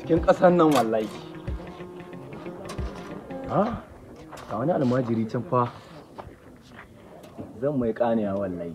cikin ƙasar nan wallahi ha ga wani almajiri can fa zan mai ƙaniya wallahi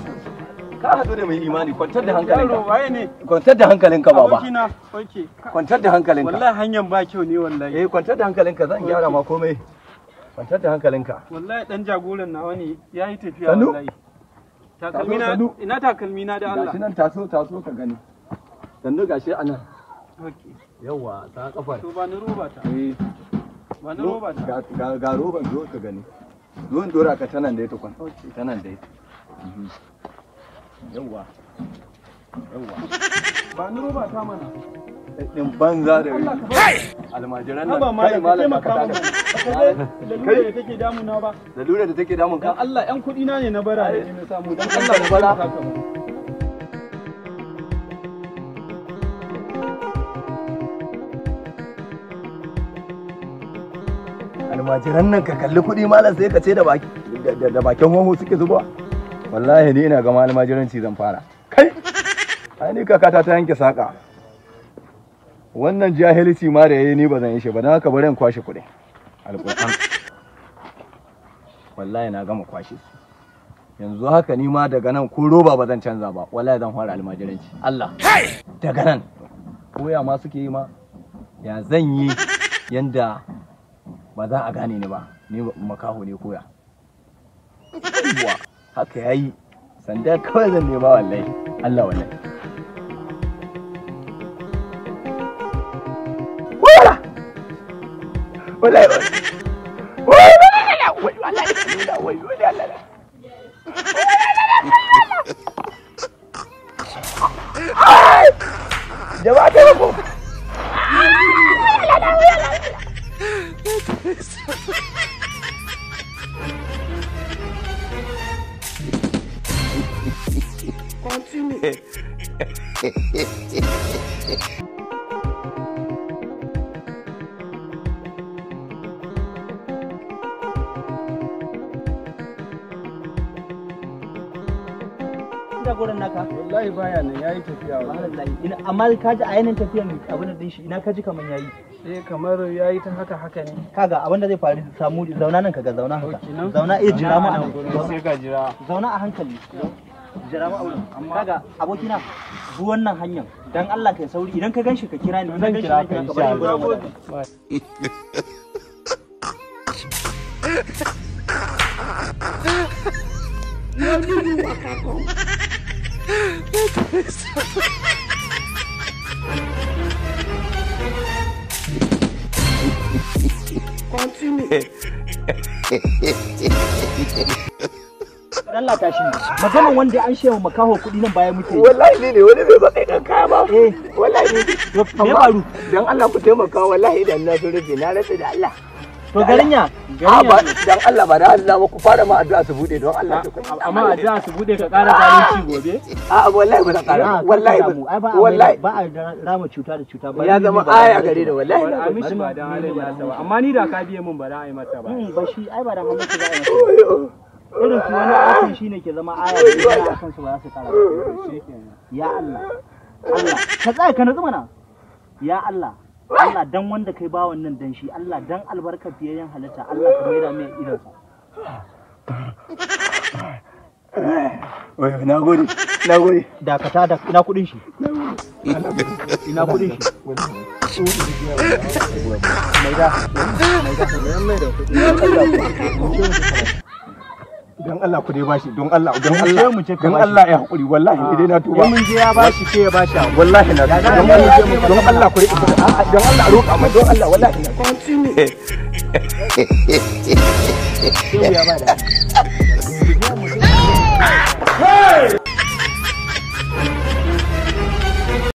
ka haɗu da mai imani kwantar da hankalinka kwantar da hankalinka baba kwantar da hankalinka wallahi hanyar ba kyau ne wallahi eh kwantar da hankalinka zan gyara ma komai kwantar da hankalinka wallahi dan jagoran nawa ne yayi tafiya wallahi takalmina ina takalmi na da Allah gashi nan taso taso ka gani sannu gashi anan yawa ta kafar to ba ni roba ta eh ba ni roba ta ga ga roban zo ka gani Ruwan dora ka tanan da ya tukun, tanan da ya. Mhm. yawwa yawwa ba ni roba ta mana ɗin banza da kai almajiran nan kai malam ka tada kai da take damuna ba lalura da take damun ka Allah yan kuɗi na ne na bara ne na samu dan Allah mu bara almajiran nan ka kalli kuɗi malam sai ka ce da bakin hoho suke zubawa wallahi ni ina gama almajiranci zan fara kai ai ni kakata ta yanke saka wannan jahilci ma da yayi ni ba zan yi shi ba dan haka bari in kwashe kuɗi alƙur'an wallahi na gama kwashe yanzu haka ni ma daga nan ko roba ba zan canza ba wallahi zan fara almajiranci Allah daga nan koya ma suke yi ma ya zan yi yanda ba za a gane ni ba ni makaho ne koya haka yayi sanda kawai zan nema wallahi Allah wallahi wallahi ha ha! da ka ji a yanin tafiyan abin da shi ina ka ji yayi. Eh kamar yayi ta haka haka ne. Kaga abin da zai faru samu zauna nan kaga zauna haka. Zauna eh jira mu a nan. Sai ka jira. Zauna a hankali. Jira mu a wurin. Kaga abokina bi wannan hanyar don Allah ka sauri idan ka ganshi ka kira ni zan kira ka insha Allah Continue. Allah tashi maganan wanda an shewa makaho kuɗi nan bayan muke wallahi ni ne wani bai ba kai kan kaya ba eh wallahi me faru dan Allah ku taimaka wallahi idan na so rufe na rasa da Allah to garinya garinya dan Allah ba da Allah ba ku fara ma addu'a su bude don Allah amma addu'a su bude ka ƙara zalunci gobe a wallahi ba za ƙara wallahi ba wallahi ba a rama cuta da cuta ba ya zama aya gare da wallahi ba mishi ba dan Allah ba amma ni da ka biye mun ba da ai mata ba hmm, ba shi ai ba da hannu ba irin su wani shi ne ke zama aya da yana a kansu ba za su kara ya Allah Allah ka tsaya ka nutsu mana ya Allah Allah dan wanda kai bawan nan dan shi Allah dan albarka fiyayyen halitta Allah ka maida mai idan Oyo, na Dakata da ina kudin shi. Ina kudin shi. Maida, maida, maida. dan Allah ku dai bashi don Allah don Allah don Allah ya hakuri wallahi dai na ah, tuba mun je ya bashi sai ya bashi wallahi na don Allah don Allah ku dai don Allah roƙa mai don Allah wallahi